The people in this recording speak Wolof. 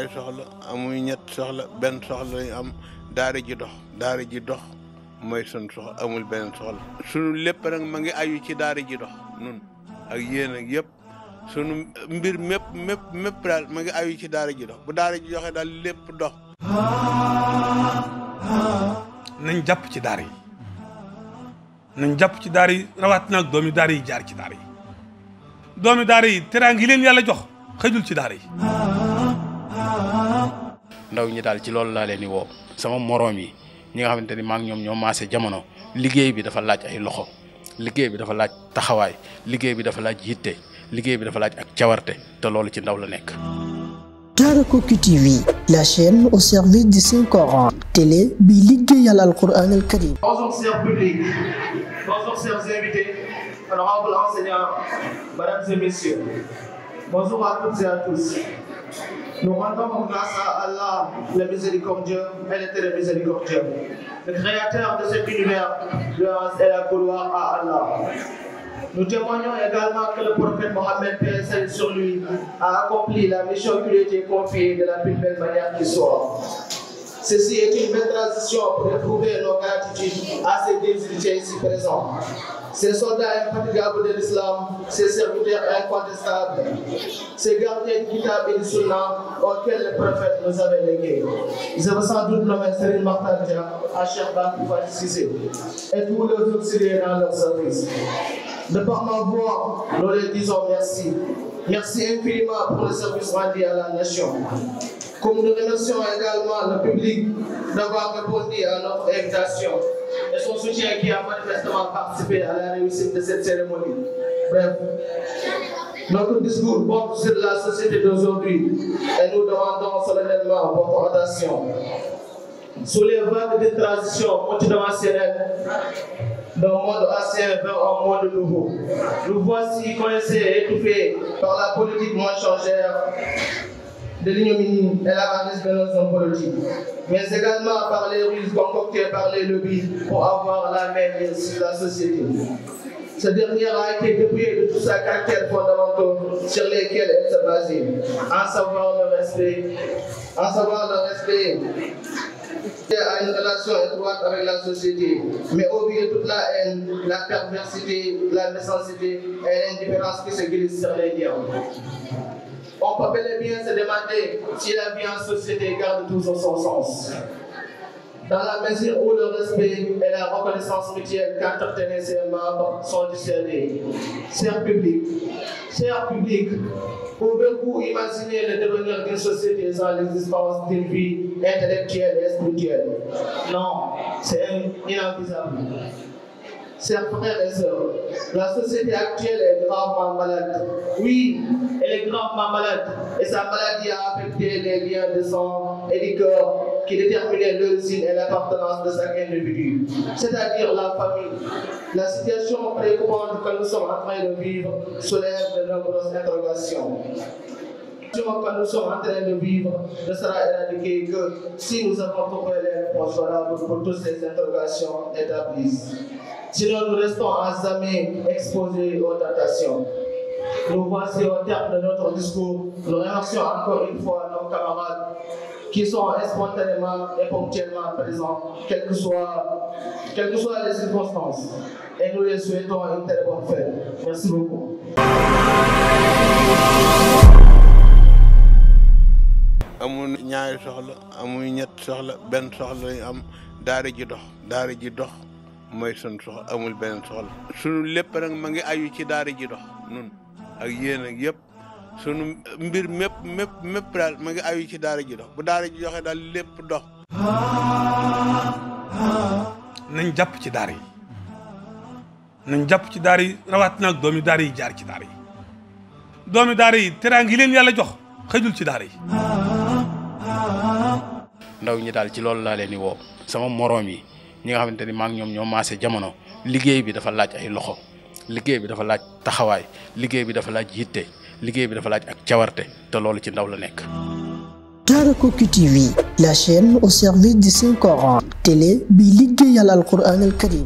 ñaari soxla amuñu ñett soxla benn soxla lañu am daara ji dox daara ji dox mooy sun soxla amul benn soxla sunu lépp nag ma ngi ayu ci daara ji dox nun ak yéen ak sunu mbir mépp mépp mépp daal ma ngi ayu ci daara ji dox bu daara ji doxee daal lépp dox jàpp ci daara yi nañ jàpp ci daara yi nag doomi daara yi jaar ci daara yi doomi daara yi teraangi leen yàlla jox xëjul ci daara yi ndaw ñi daal ci loolu laa leen di woo sama moroom yi ñi nga xamante ni maa ngi ñoom ñoo maase jamono liggéey bi dafa laaj ay loxo liggéey bi dafa laaj taxawaay liggéey bi dafa laaj yitte liggéey bi dafa laaj ak cawarte te loolu ci ndaw la nekk. Daarakoki TV la chaîne Nous rendons grâce à Allah, le miséricordieux et l'éternel miséricordieux, le créateur de cet univers, le et la gloire à Allah. Nous témoignons également que le prophète Mohammed, paix sur lui, a accompli la mission qui lui était confiée de la plus belle manière qui soit. Ceci est une belle transition pour éprouver nos gratitudes à ces dirigeants ici présents. Ces soldats infatigables de l'islam, ces serviteurs incontestables, ces gardiens du kitab et du sunna auxquels le prophète nous avait légués. Je veux sans doute nommer Serine Martin à Cheikh Bakou Fatississé et tous les auxiliaires dans leur service. De par ma voix, nous leur disons merci. Merci infiniment pour le service rendu à la nation. Comme nous remercions également public d'avoir répondu à notre invitation et soutien qui a manifestement participé à la réussite de cette cérémonie. notre discours porte sur la société d'aujourd'hui et nous demandons solennellement votre attention. Sous les vagues de transition multidimensionnelle d'un monde ancien vers un monde nouveau, nous voici coincés et étouffés par la politique moins changère de l'ignominie et la désespérance oncologique, mais également par les ruses concoctées par les lobbies pour avoir la main sur la société. Cette dernière a été de tous ses caractères fondamentaux sur lesquels elle se basait, à savoir le respect, à savoir le respect à une de toute la haine, la perversité, et l'indifférence qui se glissent sur les liens. On peut bien se demander si la vie en société garde toujours son sens. Dans la mesure où le respect et la reconnaissance mutuelle qu'entretenaient ses membres sont discernés. Cher public, cher public, pouvez-vous imaginer le devenir d'une société sans l'existence d'une vie intellectuelle Non, c'est inenvisageable. chers frères et sœurs, la société actuelle est gravement malade. Oui, elle est gravement malade et sa maladie a affecté les liens de sang et du corps qui de chaque individu, c'est-à-dire la famille. La situation préoccupante que nous sommes en train de vivre soulève de nombreuses interrogations. La situation que nous sommes en train de vivre ne sera éradiquée que si nous Sinon, nous restons à jamais exposés aux tentations. Nous voici au terme de notre discours. Nous remercions encore une fois nos camarades qui sont spontanément et ponctuellement présents, quelles que soient, quelles que soient les circonstances. Et nous les souhaitons une très bonne fête. Merci beaucoup. amul ñaari soxla amul ñett soxla benn soxla lañu am daara ji dox daara ji dox mooy sun soxla amul beneen soxla sunu lépp nag ma ngi ayu ci daara ji dox nun ak yéen yépp yëpp sunu mbir mépp mépp mépp daal ma ayu ci daara ji dox bu daara ji doxee daal lépp dox nañ jàpp ci daara yi jàpp ci daara yi rawaat nag doomi daara yi jaar ci daara yi doomi daara yi teraangi leen yàlla jox xajul ci daara yi ndaw ñi daal ci loolu laa leen di woo sama moroom yi ñi nga xamante ni maa ngi ñoom ñoo maase jamono liggéey bi dafa laaj ay loxo liggéey bi dafa laaj taxawaay liggéey bi dafa laaj yitte liggéey bi dafa laaj ak cawarte te loolu ci ndaw la nekk. Daarakoki TV la chaîne au service du Saint Coran télé bi liggéeyal al Quran al Karim